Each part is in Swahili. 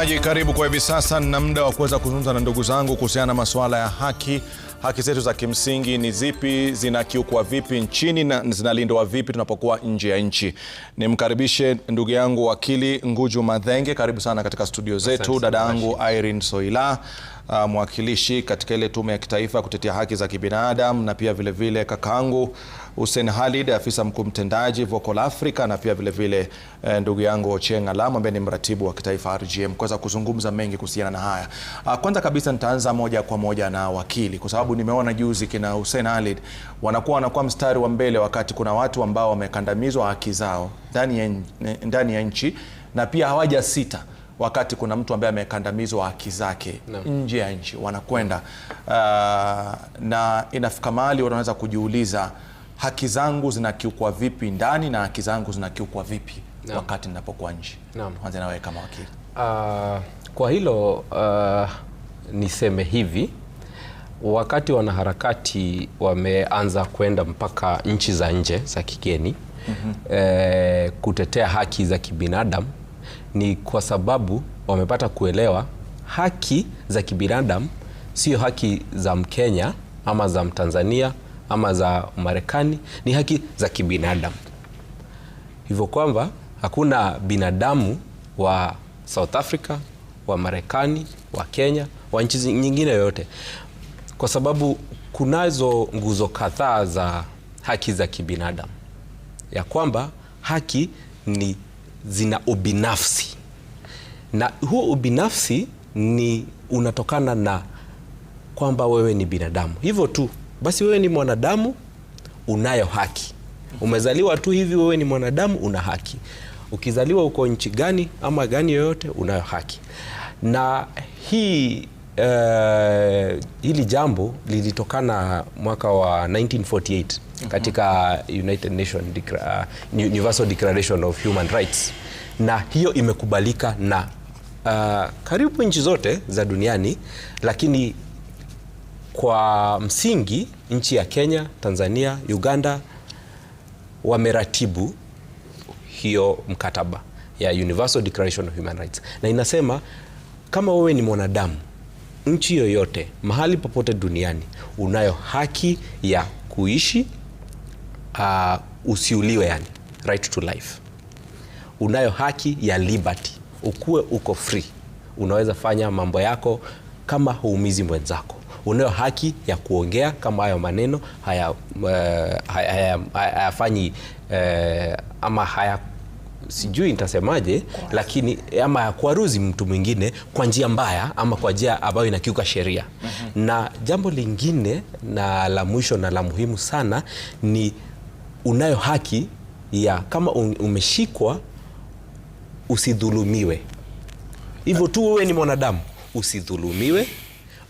Mtazamaji karibu kwa hivi sasa, nina muda wa kuweza kuzungumza na ndugu zangu kuhusiana na masuala ya haki. Haki zetu za kimsingi ni zipi? Zinakiukwa vipi nchini na zinalindwa vipi tunapokuwa nje ya nchi? Nimkaribishe ndugu yangu wakili Nguju madhenge karibu sana katika studio zetu. Dada yangu irin Soila uh, mwakilishi katika ile tume ya kitaifa kutetea haki za kibinadamu na pia vilevile vile kakangu Hussein Khalid, afisa mkuu mtendaji Vocal Africa, na pia vilevile vile, eh, ndugu yangu Ocheng Alamo ambaye ni mratibu wa kitaifa RGM, kuweza kuzungumza mengi kuhusiana na haya. Uh, kwanza kabisa nitaanza moja kwa moja na wakili, kwa sababu nimeona juzi kina Hussein Khalid wanakuwa wanakuwa mstari wa mbele wakati kuna watu ambao wamekandamizwa haki zao ndani ya nchi na pia hawajasita wakati kuna mtu ambaye amekandamizwa haki zake nje ya nchi wanakwenda. Uh, na inafika mahali wanaweza kujiuliza haki zangu zinakiukwa vipi ndani na haki zangu zinakiukwa vipi na wakati ninapokuwa nje. Kwanza nawe kama wakili uh, kwa hilo uh, niseme hivi wakati wanaharakati wameanza kwenda mpaka nchi za nje za kigeni mm -hmm. eh, kutetea haki za kibinadamu ni kwa sababu wamepata kuelewa haki za kibinadamu sio haki za Mkenya ama za Mtanzania ama za Marekani, ni haki za kibinadamu. Hivyo kwamba hakuna binadamu wa South Africa, wa Marekani, wa Kenya, wa nchi nyingine yoyote, kwa sababu kunazo nguzo kadhaa za haki za kibinadamu, ya kwamba haki ni zina ubinafsi, na huo ubinafsi ni unatokana na kwamba wewe ni binadamu hivyo tu basi, wewe ni mwanadamu, unayo haki. Umezaliwa tu hivi, wewe ni mwanadamu, una haki. Ukizaliwa uko nchi gani ama gani yoyote, unayo haki na hii Eh, hili jambo lilitokana mwaka wa 1948 katika United Nations uh, Universal Declaration of Human Rights, na hiyo imekubalika na uh, karibu nchi zote za duniani, lakini kwa msingi nchi ya Kenya, Tanzania, Uganda wameratibu hiyo mkataba ya Universal Declaration of Human Rights, na inasema kama wewe ni mwanadamu nchi yoyote mahali popote duniani unayo haki ya kuishi uh, usiuliwe, yani right to life. Unayo haki ya liberty, ukuwe uko free, unaweza fanya mambo yako kama huumizi mwenzako. Unayo haki ya kuongea kama hayo maneno hayafanyi haya, uh, haya, haya, haya, haya, eh, haya, haya, ama haya sijui nitasemaje, lakini ama ya kuaruzi mtu mwingine kwa njia mbaya ama kwa njia ambayo inakiuka sheria. mm -hmm. Na jambo lingine na la mwisho na la muhimu sana ni unayo haki ya kama umeshikwa usidhulumiwe. Hivyo tu wewe ni mwanadamu, usidhulumiwe,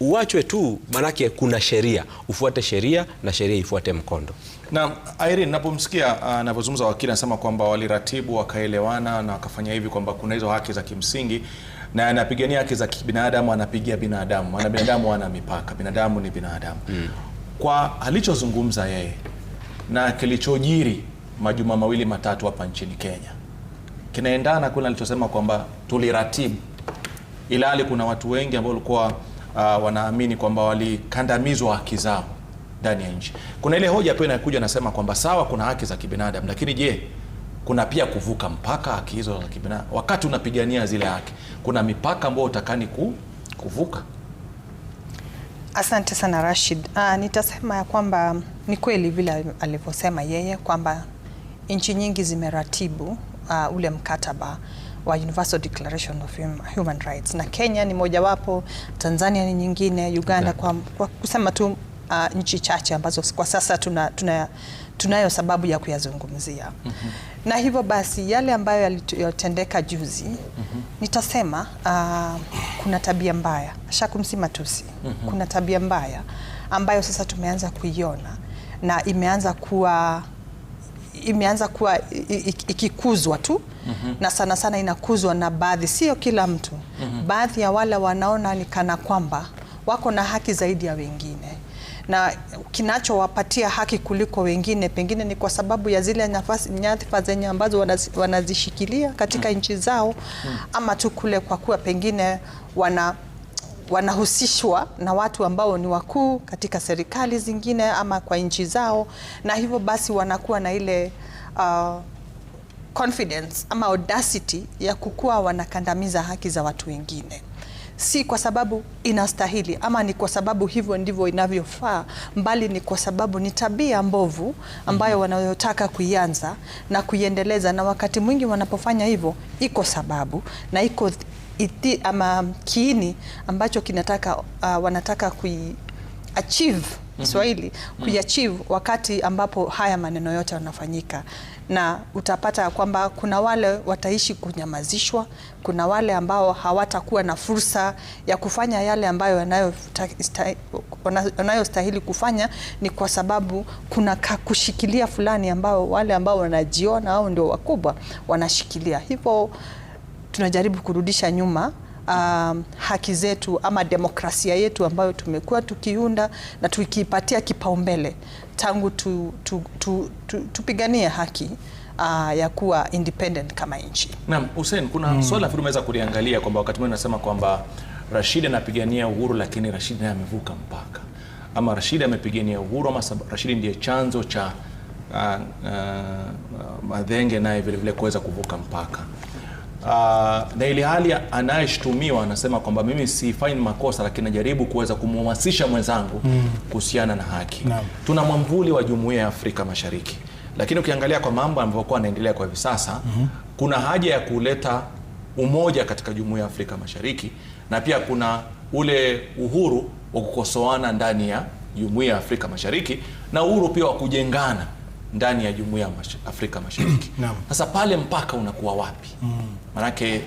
uachwe tu, maanake kuna sheria, ufuate sheria na sheria ifuate mkondo. Na Irene, napomsikia ah, anavyozungumza wakili anasema kwamba waliratibu wakaelewana na wakafanya hivi kwamba kuna hizo haki za kimsingi na anapigania haki za kibinadamu, anapigia binadamu, maana binadamu ana mipaka, binadamu ni binadamu mm. Kwa alichozungumza yeye na kilichojiri majuma mawili matatu hapa nchini Kenya kinaendana kule alichosema kwamba tuliratibu, ila kuna watu wengi ambao walikuwa uh, wanaamini kwamba walikandamizwa haki zao ndani ya nchi. Kuna ile hoja pia inakuja nasema kwamba sawa, kuna haki za kibinadamu, lakini je, kuna pia kuvuka mpaka haki hizo za kibinadamu? Wakati unapigania zile haki, kuna mipaka ambayo utakani ku, kuvuka? Asante sana Rashid. Aa, ah, nitasema ya kwamba ni kweli vile alivyosema yeye kwamba nchi nyingi zimeratibu uh, ule mkataba wa Universal Declaration of Human Rights na Kenya ni mojawapo, Tanzania ni nyingine, Uganda okay. Kwa, kwa kusema tu uh, nchi chache ambazo kwa sasa tuna, tuna, tunayo sababu ya kuyazungumzia mm -hmm. Na hivyo basi yale ambayo yalitendeka juzi mm -hmm. Nitasema uh, kuna tabia mbaya shakumsi matusi mm -hmm. Kuna tabia mbaya ambayo sasa tumeanza kuiona na imeanza kuwa imeanza kuwa ikikuzwa tu mm -hmm. Na sana sana inakuzwa na baadhi, sio kila mtu mm -hmm. Baadhi ya wale wanaona ni kana kwamba wako na haki zaidi ya wengine na kinachowapatia haki kuliko wengine pengine ni kwa sababu ya zile nafasi nyadhifa zenye ambazo wanazishikilia katika hmm. nchi zao, hmm. ama tu kule kwa kuwa pengine wana wanahusishwa na watu ambao ni wakuu katika serikali zingine ama kwa nchi zao, na hivyo basi wanakuwa na ile uh, confidence ama audacity ya kukuwa wanakandamiza haki za watu wengine, si kwa sababu inastahili ama ni kwa sababu hivyo ndivyo inavyofaa, mbali ni kwa sababu ni tabia mbovu ambayo mhm. wanayotaka kuianza na kuiendeleza, na wakati mwingi wanapofanya hivyo iko sababu na iko iti, ama kiini ambacho kinataka uh, wanataka kui achieve mhm. Kiswahili mm -hmm. kuiachieve wakati ambapo haya maneno yote yanafanyika na utapata ya kwamba kuna wale wataishi kunyamazishwa, kuna wale ambao hawatakuwa na fursa ya kufanya yale ambayo wanayostahili kufanya, ni kwa sababu kuna kushikilia fulani ambao wale ambao wanajiona au ndio wakubwa wanashikilia. Hivyo tunajaribu kurudisha nyuma um, haki zetu ama demokrasia yetu ambayo tumekuwa tukiunda na tukiipatia kipaumbele tangu tu, tu, tu, tu, tupiganie haki Uh, ya kuwa independent kama nchi. Naam, Hussein, kuna hmm, swala fulani umeweza kuliangalia kwamba wakati mwingine nasema kwamba Rashid anapigania uhuru lakini Rashid naye amevuka mpaka, ama Rashid amepigania uhuru ama Rashid ndiye chanzo cha uh, uh, uh Madhenge naye vilevile kuweza kuvuka mpaka. Uh, na ili hali anayeshtumiwa anasema kwamba mimi sifanyi makosa, lakini najaribu kuweza kumhamasisha mwenzangu mm. kuhusiana na haki Tuna mwamvuli wa jumuiya ya Afrika Mashariki, lakini ukiangalia kwa mambo ambavyokuwa anaendelea kwa hivi sasa mm -hmm. kuna haja ya kuleta umoja katika jumuiya ya Afrika Mashariki, na pia kuna ule uhuru wa kukosoana ndani ya jumuiya ya Afrika Mashariki na uhuru pia wa kujengana ndani ya jumuiya ya Afrika Mashariki sasa pale mpaka unakuwa wapi? mm manake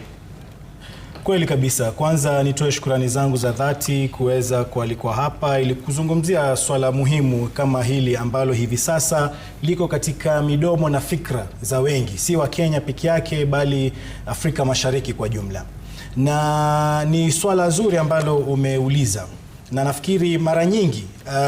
Kweli kabisa. Kwanza nitoe shukrani zangu za dhati kuweza kualikwa hapa ili kuzungumzia swala muhimu kama hili ambalo hivi sasa liko katika midomo na fikra za wengi, si wa Kenya peke yake, bali Afrika Mashariki kwa jumla, na ni swala zuri ambalo umeuliza, na nafikiri mara nyingi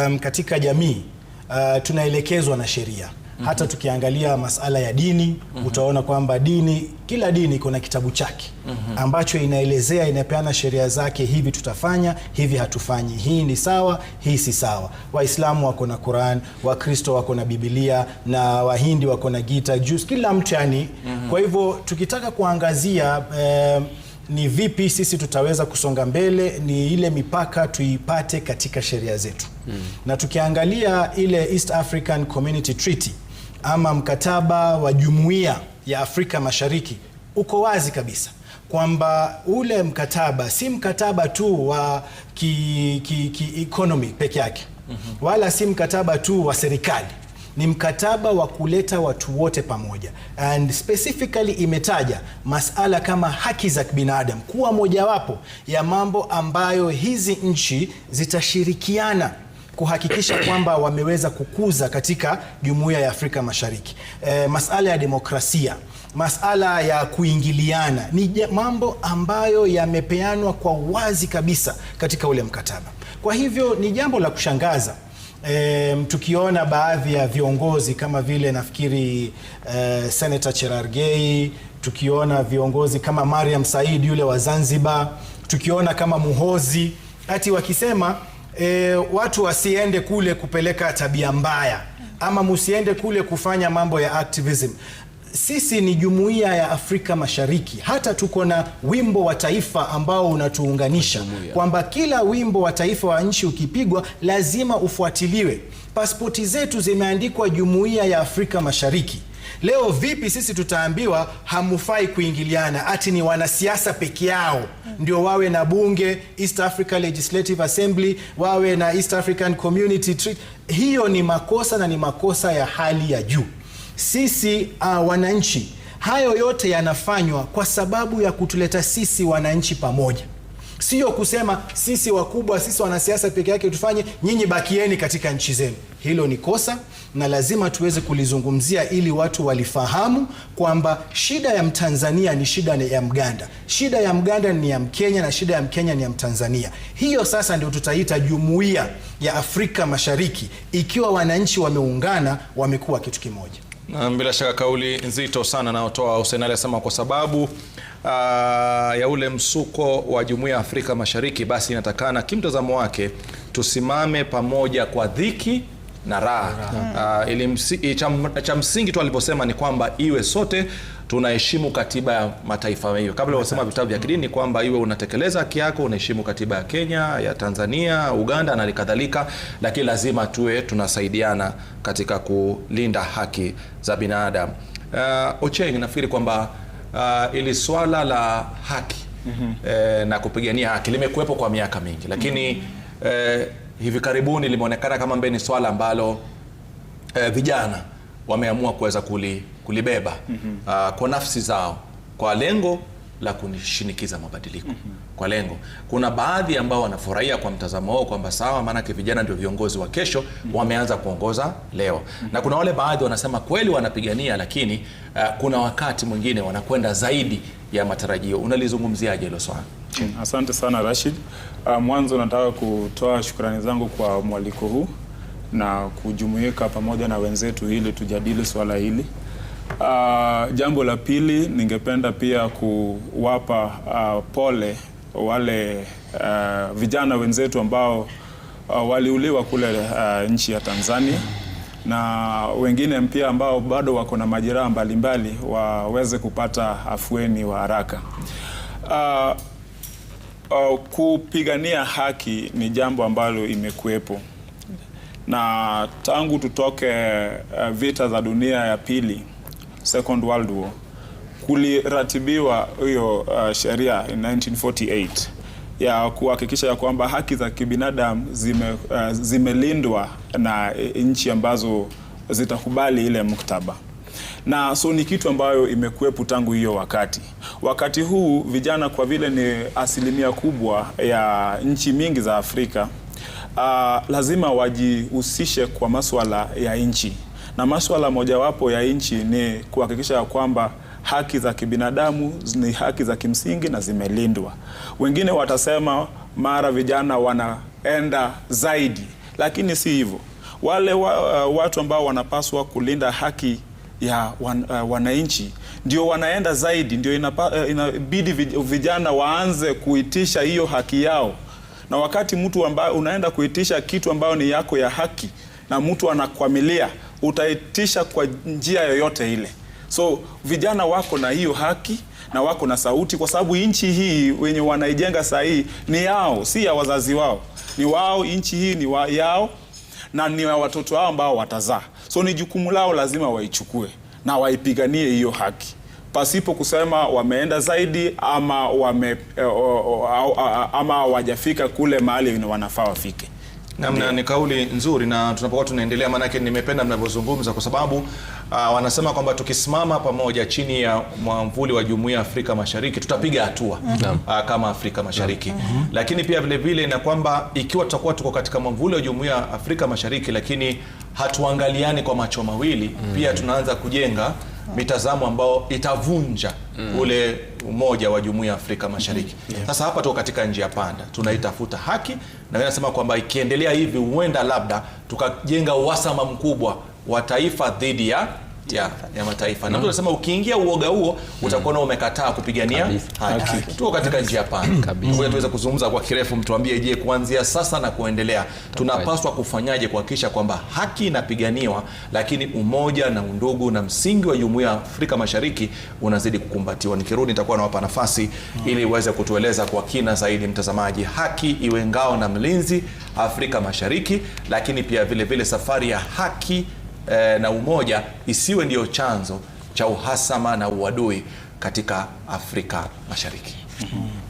um, katika jamii uh, tunaelekezwa na sheria hata mm -hmm. tukiangalia masala ya dini mm -hmm. utaona kwamba dini, kila dini kuna kitabu chake mm -hmm. ambacho inaelezea, inapeana sheria zake, hivi tutafanya hivi, hatufanyi, hii ni sawa, hii si sawa. Waislamu wako na Quran, Wakristo wako na Biblia na Wahindi wako na Gita jus, kila mtu yani mm -hmm. kwa hivyo tukitaka kuangazia eh, ni vipi sisi tutaweza kusonga mbele, ni ile mipaka tuipate katika sheria zetu mm. na tukiangalia ile East African Community Treaty ama mkataba wa Jumuiya ya Afrika Mashariki uko wazi kabisa kwamba ule mkataba si mkataba tu wa ki, ki, ki economy peke yake mm -hmm. wala si mkataba tu wa serikali ni mkataba wa kuleta watu wote pamoja, and specifically imetaja masala kama haki za kibinadamu kuwa mojawapo ya mambo ambayo hizi nchi zitashirikiana kuhakikisha kwamba wameweza kukuza katika jumuiya ya Afrika Mashariki e, masala ya demokrasia, masala ya kuingiliana ni mambo ambayo yamepeanwa kwa wazi kabisa katika ule mkataba. Kwa hivyo ni jambo la kushangaza e, tukiona baadhi ya viongozi kama vile nafikiri e, Senator Cherargei, tukiona viongozi kama Mariam Said yule wa Zanzibar, tukiona kama Muhozi ati wakisema e, watu wasiende kule kupeleka tabia mbaya ama musiende kule kufanya mambo ya activism. Sisi ni jumuiya ya Afrika Mashariki, hata tuko na wimbo wa taifa ambao unatuunganisha kwamba kila wimbo wa taifa wa nchi ukipigwa lazima ufuatiliwe. Pasipoti zetu zimeandikwa jumuiya ya Afrika Mashariki. Leo vipi sisi tutaambiwa hamufai kuingiliana, ati ni wanasiasa peke yao ndio wawe na bunge, East Africa Legislative Assembly, wawe na East African Community Treaty. Hiyo ni makosa na ni makosa ya hali ya juu. Sisi uh, wananchi, hayo yote yanafanywa kwa sababu ya kutuleta sisi wananchi pamoja sio kusema sisi wakubwa, sisi wanasiasa peke yake tufanye, nyinyi bakieni katika nchi zenu. Hilo ni kosa na lazima tuweze kulizungumzia ili watu walifahamu kwamba shida ya Mtanzania ni shida ya Mganda, shida ya Mganda ni ya Mkenya na shida ya Mkenya ni ya Mtanzania. Hiyo sasa ndio tutaita jumuiya ya Afrika Mashariki, ikiwa wananchi wameungana, wamekuwa kitu kimoja. Na bila shaka kauli nzito sana anayotoa Hussein Ali asema kwa sababu uh, ya ule msuko wa Jumuiya ya Afrika Mashariki, basi inatakana kimtazamo wake tusimame pamoja kwa dhiki na raha. Ah, cha msingi tu aliposema ni kwamba iwe sote tunaheshimu katiba ya mataifa hiyo. Kabla wasema vitabu vya kidini kwamba iwe unatekeleza haki yako, unaheshimu katiba ya Kenya, ya Tanzania, Uganda na kadhalika, lakini lazima tuwe tunasaidiana katika kulinda haki za binadamu. Uh, Ocheng, nafikiri kwamba uh, ili swala la haki mm -hmm. eh, na kupigania haki limekuwepo kwa miaka mingi, lakini mm -hmm. eh, hivi karibuni limeonekana kama mbeni swala ambalo eh, vijana wameamua kuweza kuli kulibeba mm -hmm. uh, kwa nafsi zao kwa lengo la kunishinikiza mabadiliko mm -hmm. kwa lengo. Kuna baadhi ambao wanafurahia kwa mtazamo wao kwamba sawa, maanake vijana ndio viongozi wa kesho mm -hmm. wameanza kuongoza leo mm -hmm. na kuna wale baadhi wanasema kweli wanapigania, lakini uh, kuna wakati mwingine wanakwenda zaidi ya matarajio. Unalizungumziaje hilo swala? Mm, asante sana Rashid. Uh, mwanzo nataka kutoa shukrani zangu kwa mwaliko huu na kujumuika pamoja na wenzetu ili tujadili swala hili Uh, jambo la pili ningependa pia kuwapa uh, pole wale uh, vijana wenzetu ambao uh, waliuliwa kule uh, nchi ya Tanzania na wengine pia ambao bado wako na majeraha mbalimbali waweze kupata afueni wa haraka. Uh, uh, kupigania haki ni jambo ambalo imekuwepo na tangu tutoke uh, vita za dunia ya pili Second World War kuliratibiwa hiyo uh, sheria in 1948 ya kuhakikisha ya kwamba haki za kibinadamu zime, uh, zimelindwa na eh, nchi ambazo zitakubali ile mkataba na so ni kitu ambayo imekuwepo tangu hiyo wakati. Wakati huu vijana kwa vile ni asilimia kubwa ya nchi mingi za Afrika, uh, lazima wajihusishe kwa masuala ya nchi na maswala mojawapo ya nchi ni kuhakikisha kwamba haki za kibinadamu ni haki za kimsingi na zimelindwa. Wengine watasema mara vijana wanaenda zaidi, lakini si hivyo. Wale wa, uh, watu ambao wanapaswa kulinda haki ya wan, uh, wananchi ndio wanaenda zaidi, ndio inapa, uh, inabidi vijana waanze kuitisha hiyo haki yao. Na wakati mtu ambaye unaenda kuitisha kitu ambayo ni yako ya haki na mtu anakwamilia utaitisha kwa njia yoyote ile. So vijana wako na hiyo haki na wako na sauti, kwa sababu nchi hii wenye wanaijenga saa hii ni yao, si ya wazazi wao, ni wao. Nchi hii ni wa yao na ni wa watoto wao ambao watazaa. So ni jukumu lao, lazima waichukue na waipiganie hiyo haki pasipo kusema wameenda zaidi ama wame, eh, ama hawajafika kule mahali wanafaa wafike. Namna ni kauli nzuri na tunapokuwa tunaendelea, maanake nimependa mnavyozungumza kwa sababu uh, wanasema kwamba tukisimama pamoja chini ya mwamvuli wa Jumuiya ya Afrika Mashariki tutapiga hatua mm -hmm. uh, kama Afrika Mashariki mm -hmm. lakini pia vilevile na kwamba ikiwa tutakuwa tuko katika mwamvuli wa Jumuiya ya Afrika Mashariki lakini hatuangaliani kwa macho mawili mm -hmm. pia tunaanza kujenga mitazamo ambayo itavunja mm -hmm. ule umoja wa Jumuiya ya Afrika Mashariki. Mm-hmm. Yeah. Sasa hapa tuko katika njia panda, tunaitafuta haki na nasema kwamba ikiendelea hivi huenda labda tukajenga uhasama mkubwa wa taifa dhidi ya ya, ya mataifa na mtu anasema ukiingia uoga huo mm. utakuwa na umekataa kupigania haki. Tuko katika njia pana kabisa, tuweze kuzungumza kwa kirefu, mtuambie, je, kuanzia sasa na kuendelea tunapaswa kufanyaje kuhakikisha kwamba haki inapiganiwa, lakini umoja na undugu na msingi wa jumuiya ya Afrika Mashariki unazidi kukumbatiwa. Nikirudi nitakuwa nawapa nafasi mm. ili uweze kutueleza kwa kina zaidi, mtazamaji, haki iwe ngao na mlinzi Afrika Mashariki, lakini pia vilevile vile safari ya haki eh, na umoja isiwe ndiyo chanzo cha uhasama na uadui katika Afrika Mashariki. Mhm.